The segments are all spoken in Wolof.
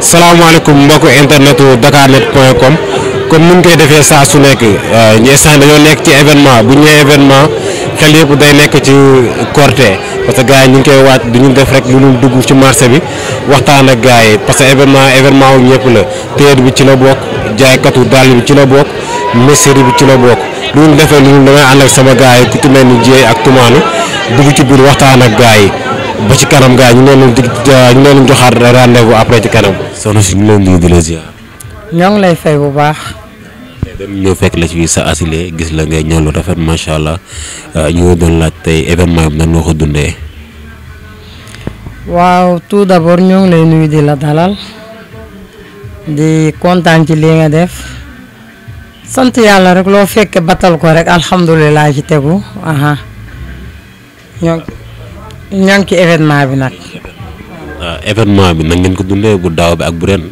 salaamaaleykum mbokku internetu dakarnet.com comme mu ñu koy defee saa su nekk euh, ñu instant dañoo nekk ci événement bu ñu nee événement xel yëpp day nekk ci Korité parce que gars yi ñu ngi koy waaj ñu def rek lu ñu dugg ci marché bi waxtaan ak gars yi parce que événement événement wu ñëpp la téer bi ci la bokk jaaykatu dàll bi ci la bokk meseri bi ci la bokk lu ñu defee lu ñu damay ànd sama gars yi ku ci mel ni ak Toumane dugg ci biir waxtaan ak gars yi. ba ci kanam gaa ñu leen di ah, ñu leen joxaat rendez-vous après ci kanam. soxna si ñu leen di di la ziar. ñoo ngi lay fay bu baax. dañ ñëw fekk la ci sa asile gis la ngay ñëw lu rafet macha allah ah, ñu doon laaj tey événement bi nan nga ko dundee. waaw tout d'abord ñoo ngi lay nuyu di la dalal di kontaan ci li nga def sant yàlla rek loo fekkee batal ko rek alhamdulilah ci tegu aha ñoo. ñoo ngi événement bi nag. Ah, événement bi nag ngeen ko dundee bu daaw bi ak bu ren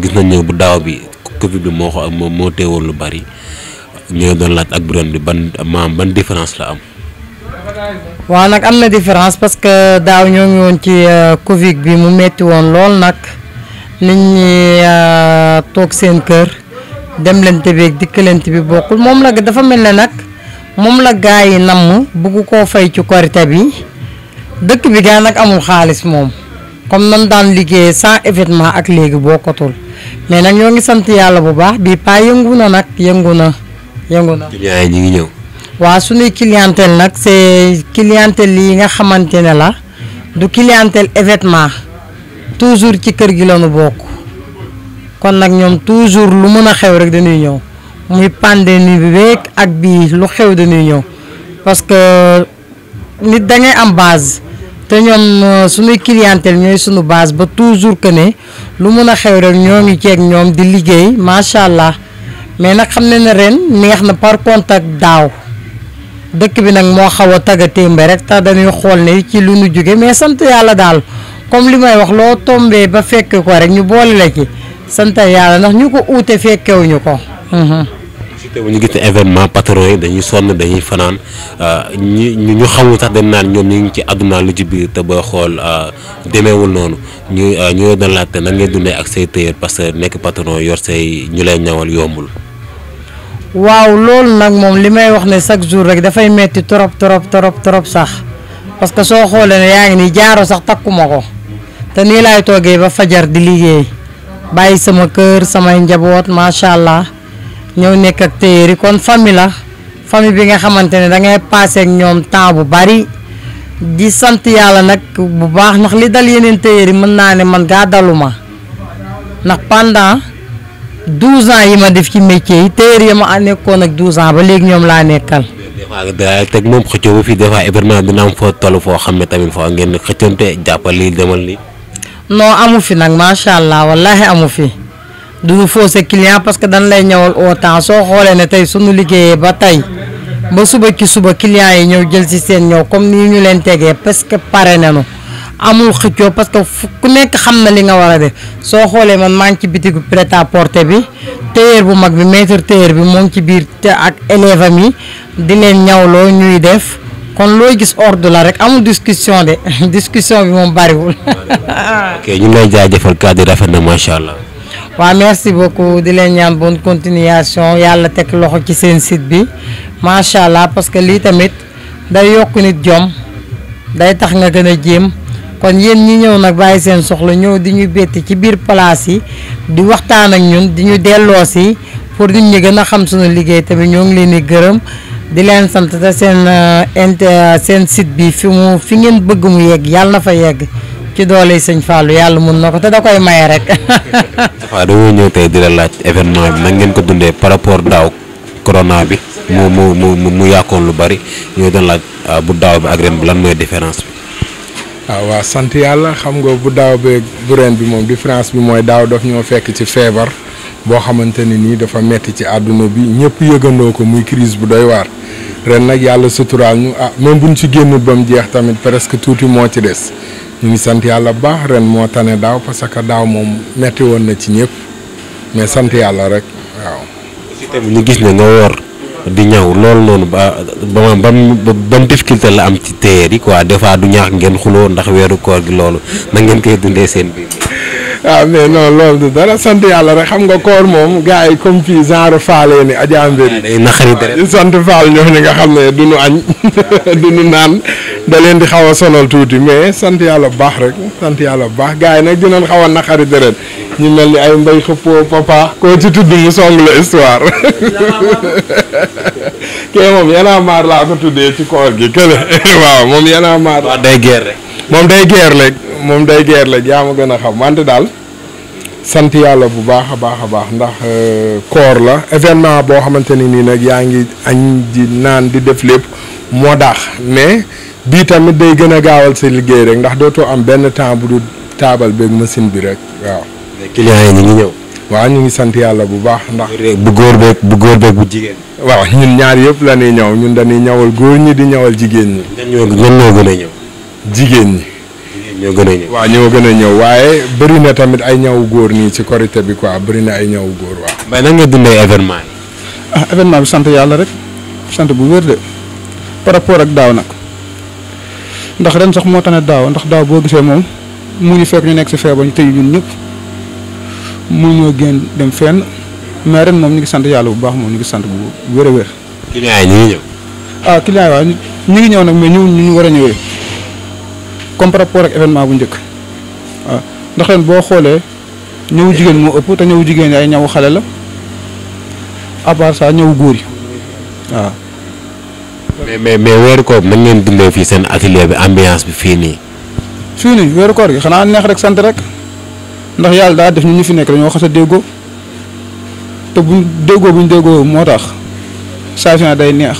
gis nañ ne bu daaw bi Covid bi moo xoo moo moo teewoon lu bari ñoo doon laaj ak bu ren bi ban maam ban différence la am. waaw nag am na différence parce que daaw ñoo ngi woon ci euh, Covid bi mu metti woon lool nag nit ñi euh, toog seen kër dem lente bi ak dikkalante bi bokkul moom nag dafa mel ne nag. moom la gaa yi nam bugg koo fay ci korite bi dëkk bi gaa nag amul xaalis moom comme nan daan liggéeye sans événement ak léegi bokkatul mais nag ñoo ngi sant yàlla bu baax bii paa yëngu na nag yëngu na yëngu na. client yi ñu ngi ñëw. waaw suñuy clientèle nag c'est clientèle yi nga xamante ne la du clientèle évétement toujours ci kër gi la ñu bokk kon nag ñoom toujours lu mën a xew rek dañuy ñëw. muy pandémie bi beeg ak bii lu xew dañuy ñëw parce que nit da am base te ñoom euh, suñuy clientèle ñooy suñu base ba toujours que ne lu mun a xew rek ñoo ngi ceeg ñoom di liggéey macha allah mais nag xam ne ne ren neex na par contre ak daaw dëkk bi nag moo xaw a tagga témbe rek tax dañuy xool ne ci lu nu jóge mais sant yàlla daal comme li may wax loo tombee ba fekk ko rek ñu boole la ci sant yàlla ndax ñu ko uute fekkewuñu ko te bu ñu gis ne événement patron yi dañuy sonn dañuy fanaan euh, ñi ñu xamul sax dañ naan ñoom ñu ngi ci àdduna lu ci biir te booy xool euh, demeewul noonu ñu euh, ñu doon laajte nan ngay dundee ak say tëyër parce que nekk patron yor say ñu lay ñawal yombul. waaw loolu nag moom li may wax ne chaque jour rek dafay metti trop trop trop trop sax parce que soo xoolee ne yaa ngi nii jaaro sax takkuma ko te nii laay toogee ba fajar di liggéey bàyyi sama kër samay njaboot macha allah. ñëw nekk ak téyeeri kon famille la famille bi nga xamante ne da ngay ak ñoom temps bu bari di sant yàlla nag bu baax ndax li dal yeneen téyeeri mën naa ne man gaa dalu ma ndax pendant douze ans yi ma def ci métier yi téyeer yi ma nekkoon ak douze ans ba léegi ñoom laa nekkal. des fois daal teg moom xëccoo ba fii des fois vraiment dina am foo toll foo xam ne tamit foo ngeen xëccoonte jàppal lii demal lii. noo amu fi nag macha allah wallaahi amu fi. duñu fausser client parce que dañ lay ñëwal au temps soo xoolee ne tey suñu liggéeyee ba tey ba suba ki suba client yi ñëw jël si seen ñëw comme ni ñu leen tegee parce que pare nañu amul xëccoo parce que ku nekk xam na li nga war a def soo xoolee man maa ngi ci bitigu prêt à porter bi tailleur bu mag bi maître tailleur bi moo ngi ci biir te ak élève am yi di leen ñawloo ñuy def kon looy gis ordre la rek amul discussion de discussion bi moom bariwul. ok ñu ngi lay jaajëfal kàddu rafet na macha allah. waa merci beaucoup di leen ñaan bonne continuation yàlla teg loxo ci seen site bi macha allah parce que lii tamit day yokk nit jom day tax nga gën a jéem kon yéen ñi ñëw nag bàyyi seen soxla ñëw di ñu betti ci biir palaas yi di waxtaan ak ñun di ñu delloo si pour nit ñi gën a xam suñu liggéey tamit ñoo ngi leen di gërëm di leen sant te seen euh, inter seen sit bi fi mu fi ngeen bëgg mu yegg yàlla na fa yegg. ci doole sëñ Fallou yàlla mun na ko te da koy maye rek. dafa dañoo ñëw tey di laaj événement bi nag ngeen ko dundee par rapport daaw corona bi mu mu mu mu yàqoon lu bari ñoo doon laaj ah, bu daaw bi ak lan mooy différence bi. waaw ah, waaw sant yàlla xam nga bu daaw beeg bi moom différence bi mooy daaw daf ñoo fekk ci feebar boo xamante ne nii dafa metti ci àdduna bi ñëpp yëgandoo ko muy crise bu doy waar. ren nag yàlla suturaal ñu ah même buñ ci génnul ba mu jeex tamit presque tuuti moo ci des. ñu ngi sant yàlla bu baax ren moo tane daaw parce que daaw moom metti woon na ci ñëpp mais sant yàlla rek waaw. aussi tamit ñu gis ne nga woor di ñaw loolu noonu ba ba ban ban difficulté la am ci téyeer yi quoi des fois du ñaax ngeen xuloo ndax weeru koor gi loolu na ngeen koy dundee seen biir. waaw ah, mais non loolu du dara sant yàlla rek xam nga koor moom gars yi comme fii genre faale ni ajaambéri. day naqari dara sant faal ñoo ñi nga xam ne du añ du naan. da leen di xaw a sonal tuuti mais sant yàlla bu baax rek sant yàlla bu baax gars yi nag dinañ xaw a naqari deret ñu mel ni ay mbay xëppoo papa koo ci tudd mu song la histoire kee moom yanaa maar laa ko tuddee ci koor gi kële waaw moom yanaa maar waaw day geer rek moom day geer rek moom day geer rek yaa ma gën a xam wante daal sant yàlla bu baax a baax a baax ndax euh, koor la événement boo xamante ni nii nag yaa ngi añ di naan di def lépp moo daax mais bii tamit day gën a gaawal sa liggéey rek ndax dootoo am benn temps bu du taabal beeg machine bi rek waaw. mais ñu ngi ñëw. waaw ñu ngi sant yàlla bu baax ndax. bu góor beeg bu góor beeg bu jigéen. waaw ñun ñaar yëpp la ñuy ñëw ñun dañuy ñawal góor ñi di ñawal jigéen ñi. ñoo gën a ñëw. jigéen ñi. ñoo gën a ñëw waaw a ñëw waaye bëri tamit ay ñawu góor nii ci korité bi quoi bëri na ay ñawu góor waaw. mais nan nga dundee événement yi. ah événement bi sant yàlla rek sant bu wér de par rapport ak daaw nag ndax ren sax moo tax ne daaw ndax daaw boo gisee moom mu ñu fekk ñu nekk ci feebar ñu tëj ñun ñëpp mun ñoo fenn mais ren moom ñu ngi sant yàlla bu baax moom ñu ngi sant bu wér a wér. client yi ñu ngi ñëw. ah client yi waaw ñu war a ñëwee comme par rapport ak événement bu njëkk waaw ah, ndax ren boo xoolee ñëw jigéen moo ëpp te ñëw jigéen ay ñaw xale la à saa ñëw góor yi ah. mais mais mais weeru koor nañ leen dundee fii seen atelier bi ambiance bi fii nii. fii nii weeru koor gi xanaa neex rek sant rek ndax yàlla daa def ñu ñu fi nekk dañoo xas a déggoo te buñ déggoo moo tax saa day neex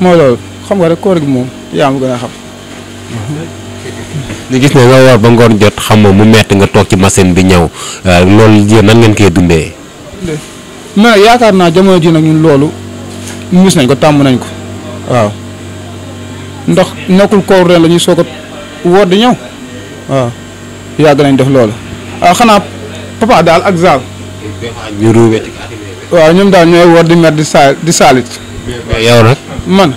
mooy xam nga rek koor gi moom yaa ma gën a xam. ñu gis ne nga war ba ngoon jot xam nga mu metti nga toog ci machine bi ñëw euh, loolu yéen nan ngeen koy dundee. mais yaakaar naa jamono ji nag ñun loolu mis nañ ko tàmm nañ ko. waaw ndox nekkul koor ren la ñuy soog a woor di ñëw waaw yàgg nañ def loolu waaw ah, xanaa papa daal ak zaal. waaw ñoom daal ñooy woor saa di saalit. yow nag. man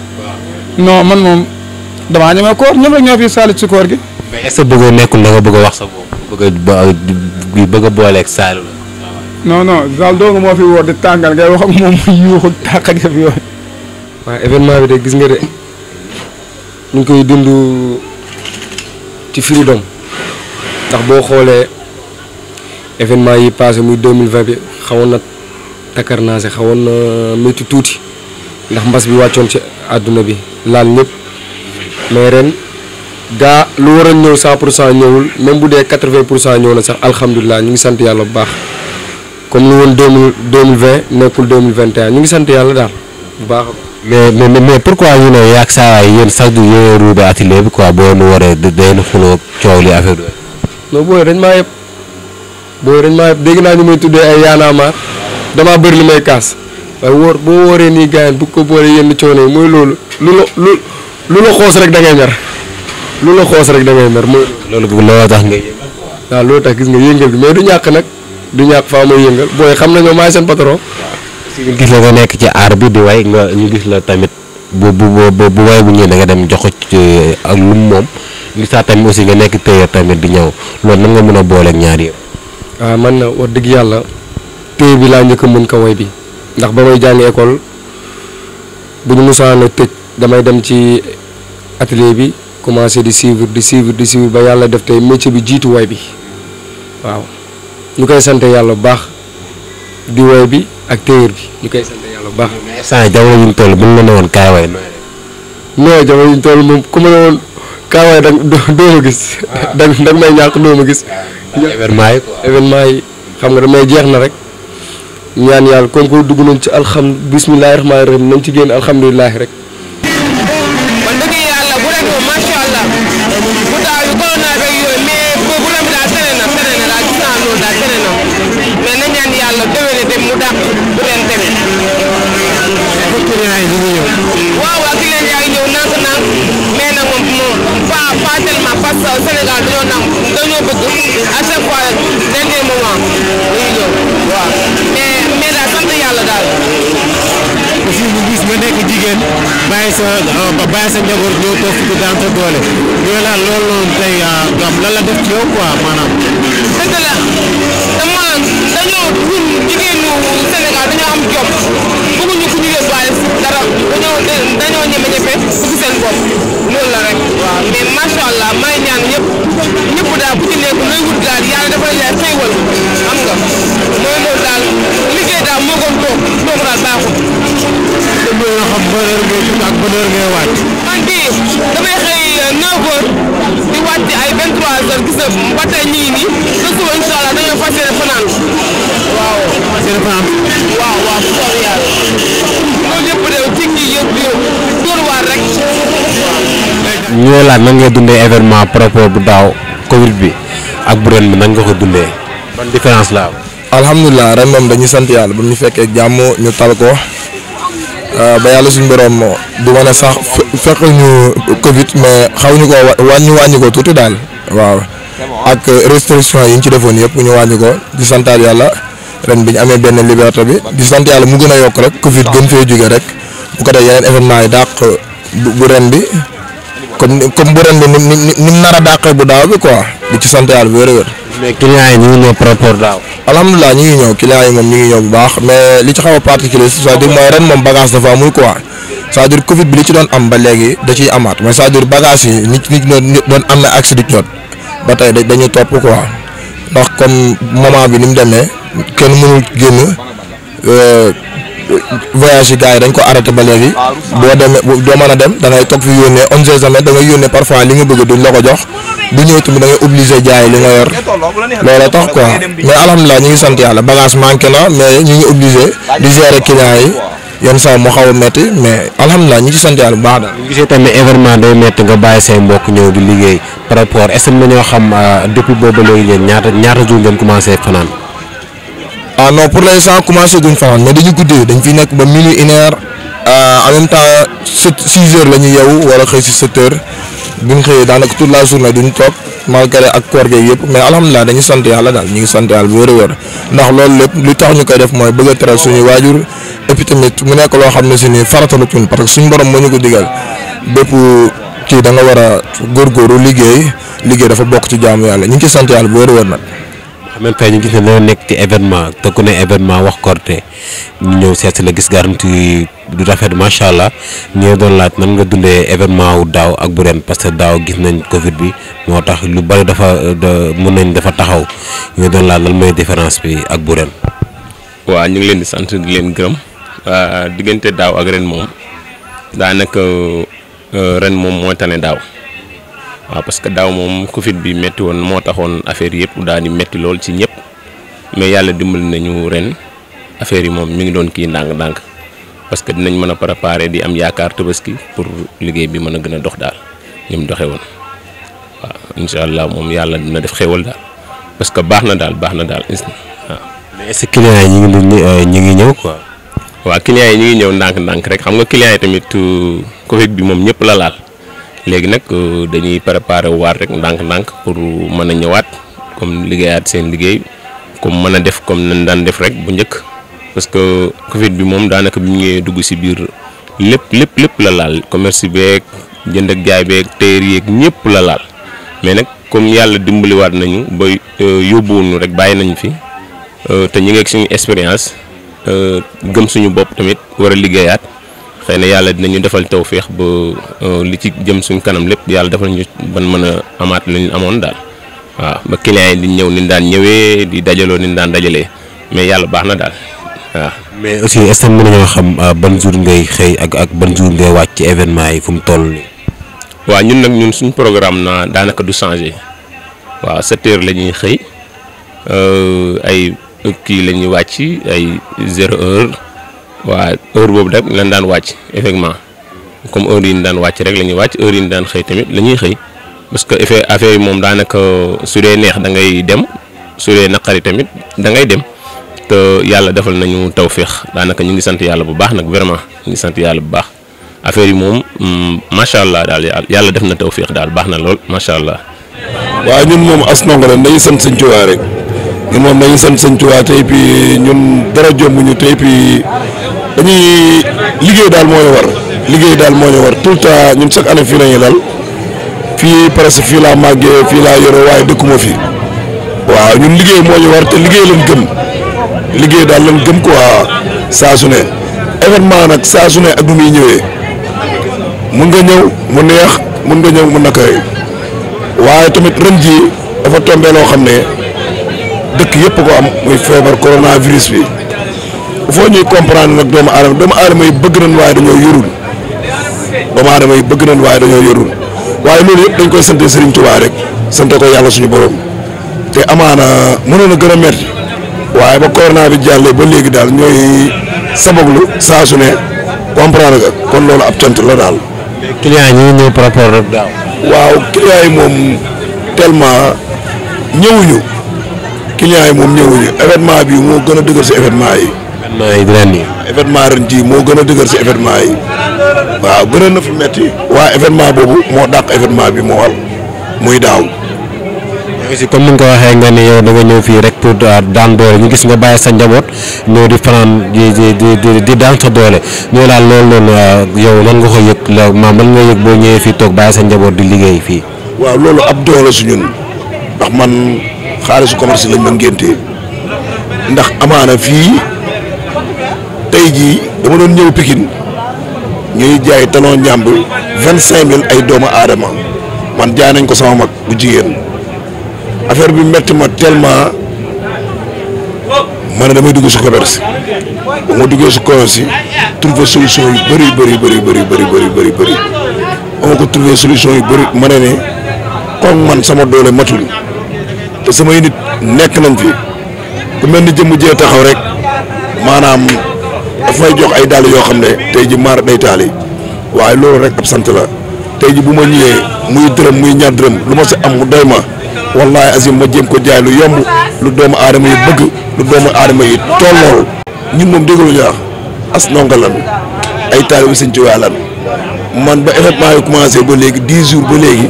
non man moom damaa ñeme koor ñoo fi ci koor gi. mais est bëggoo nekkul da nga bëgg a wax sa bopp bëgg a zaal doo nga moo fi woor di tàngal ngay wax moom yuuxu tàq ak yooyu. waaw événement bi de gis nga de ñu ngi koy dund ci freedom ndax boo xoolee événement yi passé muy 2020 bi xawoon na takkar naa si xawoon na métti tuuti ndax mbas bi wàccoon ci àdduna bi laal ñëpp mais ren gaa lu war a ñëw 100 pour cent ñëwul même bu dee 80 pour cent ñëw na sax alhamdulilah ñu ngi sant yàlla bu baax comme lu woon 2020 nekkul 2021 ñu ngi sant yàlla daal bu baax mais mais mais pourquoi ñu ne yaag saa waay yéen sax du yéen ruube atelier bi quoi boo nu waree day na xuloo coow li affaire yooyu. non booy dañ maa yëpp booy dañ maa yëpp dégg naa ñu may tuddee ay yaanaamaar damaa bëri li may kaas waaye wóor boo wooree nii gars bu ko boole yenn coono yi mooy loolu lu la lu lu la xoos rek da ngay mer lu la xoos rek da ngay mer mooy. loolu looloo nga yëngal. loolu tax gis nga yëngal bi mais du ñàkk nag du ñàkk faa may yëngal booy xam nañu maay seen patron. si nga nekk ci aar bi di way nga ñu gis la bu bu bu bu way bu ñëwee da nga dem jox ko ci ak lu moom gisaa tamit aussi nga nekk téyeur tamit di ñëw loolu nan nga mën a booleeg ñaari yëpp. waaw ah, man na wax dëgg yàlla téye bi laa njëkk a mën ko woy bi ndax ba may jàngi école bu ñu musaana tëj damay dem ci atelier bi commencé di suivre di suivre di suivre ba yàlla def te métier bi jiitu way bi waaw ñu koy sant yàlla bu baax di way bi. ak téer bi ñu koy sant yàlla bu baax. mais saa jamono yuñ toll buñ la ne woon kaawaay nooy non jamono yuñ toll moom ma ne woon kaawaay da doo ma gis. da ah. da may ñàkk doo ma gis. Ah, événement yi événement yi xam nga damay jeex na rek ñaan yàlla comme que dugg nañ ci alxam bismillahi rahmaani rahim nañ ci génn alhamdulilahi rek. jigéen bàyyi sa euh, bàyyi sa njaboot ñëw toog fi daan sa doole ñu ne daal loolu tey gam euh, lan la def ci yow quoi maanaam. dëgg la dama dañoo ñun jigéenu Sénégal dañoo am jom bëgguñu ku ñu yóbbaale dara dañoo dañoo ñeme ñefe bëgg seen bopp. ban heure ngay wàcc. man kii damay bu dundee événement propos bu daaw Covid bi ak bu ren bi nan nga ko dundee. ban la alhamdulilah ren moom dañuy sant yàlla bu ñu fekkee jàmm ñu tal Euh, ba yàlla suñu borom du ma ne sax fekk ñu Covid mais xaw ñu ko wàññi wàññi ko tuuti daal waaw ak restriction yi ñu ci defoon yëpp ñu wàññi ko di santaat yàlla ren bi ñu amee benn liberté bi di sant yàlla mu gën a yokk rek Covid gën fee jóge rek bu ko def yeneen événement yi dàq bu ren bi comme comme bu ren bi ni ni ni mu dàqee bu daaw bi quoi di ci sant yàlla wér-wér. mais clients yi ñu ngi ñëw par rapport daaw. alhamdulilah ñu ngi ñëw clients yi moom ñu ngi ñëw bu baax mais li ci xaw a particulier cest mooy ren moom bagage dafa amul quoi cest à Covid bi li ci doon am ba léegi da ciy amaat mais c'est-à-dire bagage yi nit nit ñi doon am na accès di jot ba tey dañuy topp quoi ndax comme moment bi ni mu demee kenn mënul génn. Euh, voyage yi gars dañ ko arrêté ba léegi boo demee doo mën a dem da ngay toog fi yónnee on sait jamais da yónnee parfois li nga bëgg duñ la ko jox bu ñëw tamit da ngay obligé jaay li nga yor loolu tax quoi mais alhamdulilah ñu ngi sant yàlla bagage manqué na mais ñu ngi obligé di gérer client yi yenn saa mu xaw a métti mais alhamdulilah ñu ci sant yàlla bu baax daal. gisee tamit événement day métti nga bàyyi say mbokk ñëw di liggéey par rapport est ce xam euh, depuis boobu léegi ngeen ñaata ñaata jour ngeen commencé fanaan. ah non pour l'instant commencé guñ fanaan mais dañu guddee dañ fi nekk ba minuit une heure euh, en même temps sept six heures la ñuy yeewu wala si sept heures. bu ñu xëyee daanaka toute la journée duñ toog malgré ak koor geeg yëpp mais alhamdulilah dañu sant yàlla daal ñu ngi sant yàlla bu wér a wér ndax loolu lépp lu tax ñu koy def mooy bëgg a teral suñu waajur et mu nekk loo xam ne si nii faratalu ñun parce que suñu borom moo ñu ko digal bépp kii da nga war a góorgóorlu liggéey liggéey dafa bokk ci jaamu yàlla ñu ngi ciy sant yàlla bu wér a wér nag. même tey ñu gis ne nekk ci événement te ku ne événement wax korte ñu ñëw seet la gis garanti du rafet macha allah ñoo doon laaj nan nga dundee événement wu daaw ak bu ren parce que daaw gis nañ Covid bi moo tax lu bari dafa mën nañ dafa taxaw ñoo doon laaj lan mooy différence bi ak bu ren. waaw ñu ngi leen di sant di leen gërëm diggante daaw ak ren moom daanaka euh, ren moom moo tane daaw waaw parce que daaw moom Covid bi métti moo taxoon affaire yëpp daal di métti lool ci ñëpp mais yàlla dimbali nañu ren affaire yi moom mi ngi doon kii ndànk-ndànk. parce que dinañ mën a préparer di am yaakaar tabaski pour liggéey bi mën a gën a dox daal ni mu doxee woon waaw incha allah moom yàlla dina def xéwal daal parce que baax na daal baax na daal is waaw. mais est-ce que ñu ngi leen euh, quoi. waaw clients yi ñu ñëw ndànk-ndànk rek xam nga clients yi tamit euh, Covid bi moom ñëpp la laal léegi nag euh, dañuy préparer waar rek ndànk-ndànk pour mën a ñëwaat comme liggéeyaat seen liggéey comme mën a def comme nañ daan def rek bu njëkk. parce que Covid bi moom daanaka bi mu ñëwee dugg si biir lépp lépp lépp la laal commerce beeg jënd ak jaay beeg teer yeeg ñëpp la laal mais nag comme yàlla dimbaliwaat nañu ba euh, yóbbuwuñu rek bàyyi nañu fi euh, te ñu ngi ak suñu expérience euh, gëm suñu bopp tamit war a liggéeyaat xëy na yàlla dinañu defal tawféex ba li ci jëm suñu kanam lépp yàlla defal ñu ban mën a amaat lu ñu amoon daal waaw ba client yi di ñëw ni daan ñëwee di dajaloo ni daan dajalee mais yàlla baax na daal. waaw ah. mais aussi est-ce que mën nañoo xam ah, ban jour ngay xëy ak ak ban jour ngay wàcc ci événement yi fu mu toll nii. waaw ñun nag ñun suñu programme na daanaka du changé waaw sept heures la ñuy xëy euh, ay kii la ñuy wàcc ay zéro heure waa heure boobu rek lañ daan wàcc effectivement comme heure yi ñu daan wàcc rek la ñuy wàcc heure yi ñu daan xëy tamit la ñuy xëy parce que effet affaire yi moom daanaka su dee neex da ngay dem su dee naqari tamit da ngay dem. te yàlla defal nañu tawféex daanaka ñu ngi sant yàlla bu baax nag vraiment ñu ngi sant yàlla bu baax affaire yi moom mm, macha allah daal yàlla def na tawféex daal baax na lool macha allah. waaw ñun moom as ndongo la dañuy sant sëñ Tuubaa rek ñun moom dañuy sant sëñ Tuubaa tey puis ñun dara jombuñu tey puis dañuy liggéey daal moo ñu war liggéey daal moo ñu war tout le temps ñun chaque année fii la ñuy dal fii presque fii laa màggee fii laa yore waaye dëkkuma fi waaw ñun liggéey moo ñu war te liggéey lañ gëm. liggéey daal lan gëm quoi saa su ne événement nag saa su ne ak nu muy ñëwee mun nga ñëw mu neex mun nga ñëw mu naka waaye tamit ren jii dafa tombé loo xam ne dëkk yëpp ko am muy feebar coronavirus bi il faut ñuy comprendre nag doomu aadama doomu aadama yi bëgg nañ waaye dañoo yorul doomu aadama yi bëgg nañ waaye dañoo yorul waaye loolu yëpp dañ koy sante Serigne Touba rek sante ko yàlla suñu borom te amaana mënoon a gën a metti waaye ba corona bi jàllee ba léegi daal ñooy sabablu saa su ne comprendre kon loolu ab cant la daal. client yi ñoo ñëw par daaw. waaw client yi moom tellement ñëwuñu client yi moom ñëwuñu événement bi moo gën a dëgër si événement yi. événement yi ren yi. événement ren jii moo gën a dëgër si événement yi waaw gën a na fi metti waa événement boobu moo dàq événement bi moo wal muy daaw. aussi comme ni nga ko waxee nga ni yow da ñëw fii rek pour daan doole ñu gis nga bàyyi sa njaboot ñëw di fanaan di di di di daan sa doole ñoo laal loolu noonu yow lan nga ko yëg la maam nga yëg boo ñëwee fii toog bàyyi sa njaboot di liggéey fii. waaw loolu ab doole su ñun ndax man xaalisu commerce lañ ma ngéntee ndax amaana fii tey ji dama doon ñëw Pikine ñuy jaay talon ñàmb vingt ay doomu aadama man jaay nañ ko sama mag bu jigéen. affaire bi metti ma tellement ma ne damay dugg si commerce ba ma duggee si commerce yi trouvé solution yu bëri bëri bëri bëri bëri bëri bëri bëri ba ma ko trouvé solution yu bëri ma ne ne comme man sama doole matul te samay nit nekk nañ fi ku mel ni jëmm jee taxaw rek maanaam daf may jox ay dàll yoo xam ne tey ji maar day taali waaye loolu rek ab sant la tey ji bu ma ñëwee muy dërëm muy ñaar dërëm lu ma si am mu doy ma wallahi azim ma jéem ko jaay lu yomb lu doomu aadama yi bëgg lu doomu aadama yi tollool ñun moom déglu ñu wax as ndongo lan ay taalibu sëñ Tuubaa lan man ba événement yi commencé ba léegi dix jours ba léegi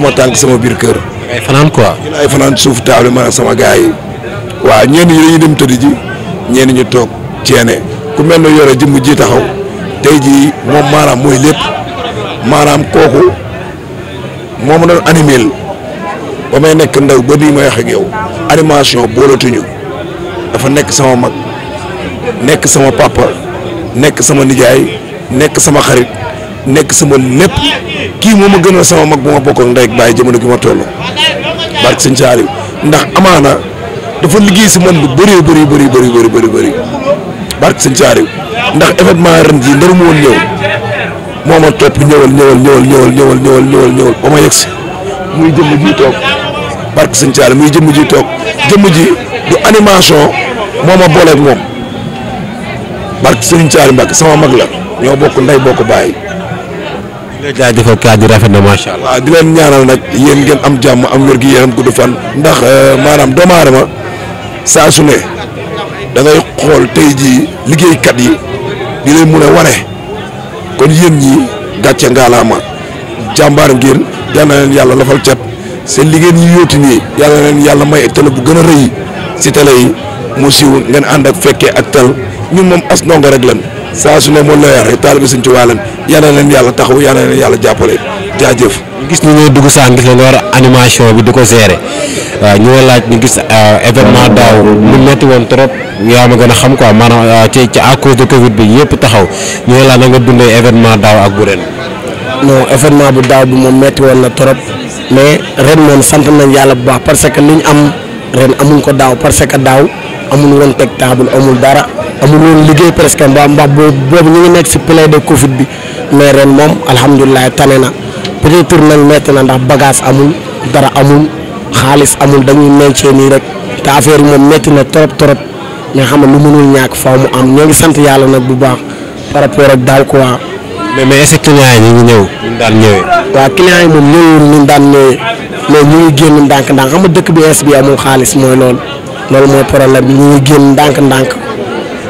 ma tànk sama biir kër. ay fanaan ay fanaan suuf taal man ak sama gars yi waaw ñenn ñi dañuy dem tëdd ji ñenn ñu toog ceene ku mel ne yore jëmm ji taxaw tey ji moom maanaam mooy lépp maanaam kooku moom la doon animé ba may nekk ndaw ba nii may wax ak yow animation boolatuñu dafa nekk sama mag nekk sama papa nekk sama nijaay nekk sama xarit nekk sama lépp kii moo ma a sama mag bu ma bokkoon ndey ak bàyyi jamono gi ma toll barke sëñ Saaliw ndax amaana dafa liggéey si man lu bëree bëri bëri bëri bëri bëri bëri barke sëñ Saaliw ndax événement ren jii ndaru mu woon ñëw moo ma topp ñëwal ñëwal ñëwal ñëwal ñëwal ñëwal ñëwal ba ma yegsi muy jëm ji toog barke sëñ Thial muy jëmm ji toog jëmm ji du animation moo ma booleeg moom barke sëñ Thial Mbacke sama mag la ñoo bokk nday bokk bàyyi. di la rafet na macha allah. waaw di leen ñaanal nag yéen ngeen am jàmm am wér gi gudd fan. ndax euh, maanaam doomu aadama saa su ne da xool tey jii liggéeykat yi di leen mun a wane kon yéen ñi gàcce ngaalaama jàmbaar ngeen yal na leen yàlla lafal cat. seen liggéey bi ñu yóotu nii yàlla leen yàlla may télé bu gën a rëy si télé yi mu siiw ngeen ànd ak fekkee ak tal ñun moom as ndongo rek lan saa su ne moom la yore taalibe Sëñ Tuubaa yàlla leen yàlla taxaw yàlla leen yàlla jàppale jaajëf. gis ñu ñooy dugg saa gis la nga bi di ko gérer waaw ñu laaj ñu gis euh, événement daaw mu metti woon trop yaa ma gën a xam quoi maanaam a euh, ci à de Covid bi yëpp taxaw ñu laaj na nga dundee événement daaw ak bu ren. événement bu daaw bi moom metti woon trop. mais ren moom sant nañ yàlla bu baax parce que li ñu am ren amuñ ko daaw parce que daaw amul woon teg table amul dara amul woon liggéey presque mbaa mbaa boobu ñu ngi nekk si plein de Covid bi mais ren moom alhamdulilah tane na peut-être nag metti na ndax bagage amul dara amul xaalis amul dañuy nencee nii rek te affaire yi moom metti na trop trop mais xam nga lu mënul ñàkk faaw mu am ñoo ngi sant yàlla nag bu baax par rapport ak daaw quoi. mais mais est ñu ngi ñëw ñu daan ñëwee. waaw client moom ñëwul ñu daan ñëwee mais ñu ngi génn ndànk-ndànk xam nga dëkk bi est bi amul xaalis mooy loolu loolu mooy problème bi ñu ngi génn ndànk-ndànk.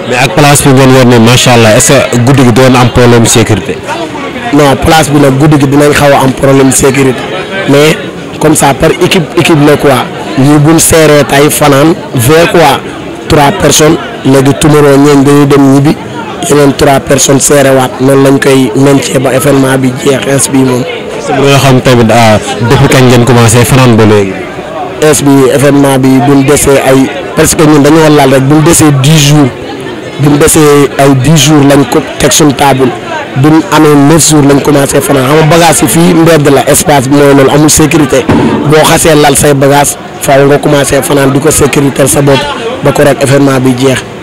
mais ak place bi ngeen yor ne macha allah est-ce que guddi gi doon am problème sécurité. non place bi nag guddi gi dinañ xaw am problème sécurité mais comme ça par équipe équipe la quoi ñu buñ seeree tay fanaan vingt quoi trois personnes léegi tumuroo ñeen dañuy dem ñibbi. yeneen trois personnes seerewaat noonu lañ koy mencee ba événement bi jeex ins bi moom. est-ce que nga xam tamit ah, depuis kañ ngeen commencé fanaan ba léegi. ins bi événement bi buñ desee ay parce que ñun dañoo laal rek buñ desee dix jours buñ desee ay dix jours lañ ko teg suñ table buñ amee neuf jours lañ commencé fanaan xam nga bagage fii mbedd la espace bi mooy loolu sécurité boo xasee lal say bagage faaw nga commencé fanaan du ko sécurité sa bopp ba ko rek événement bi jeex.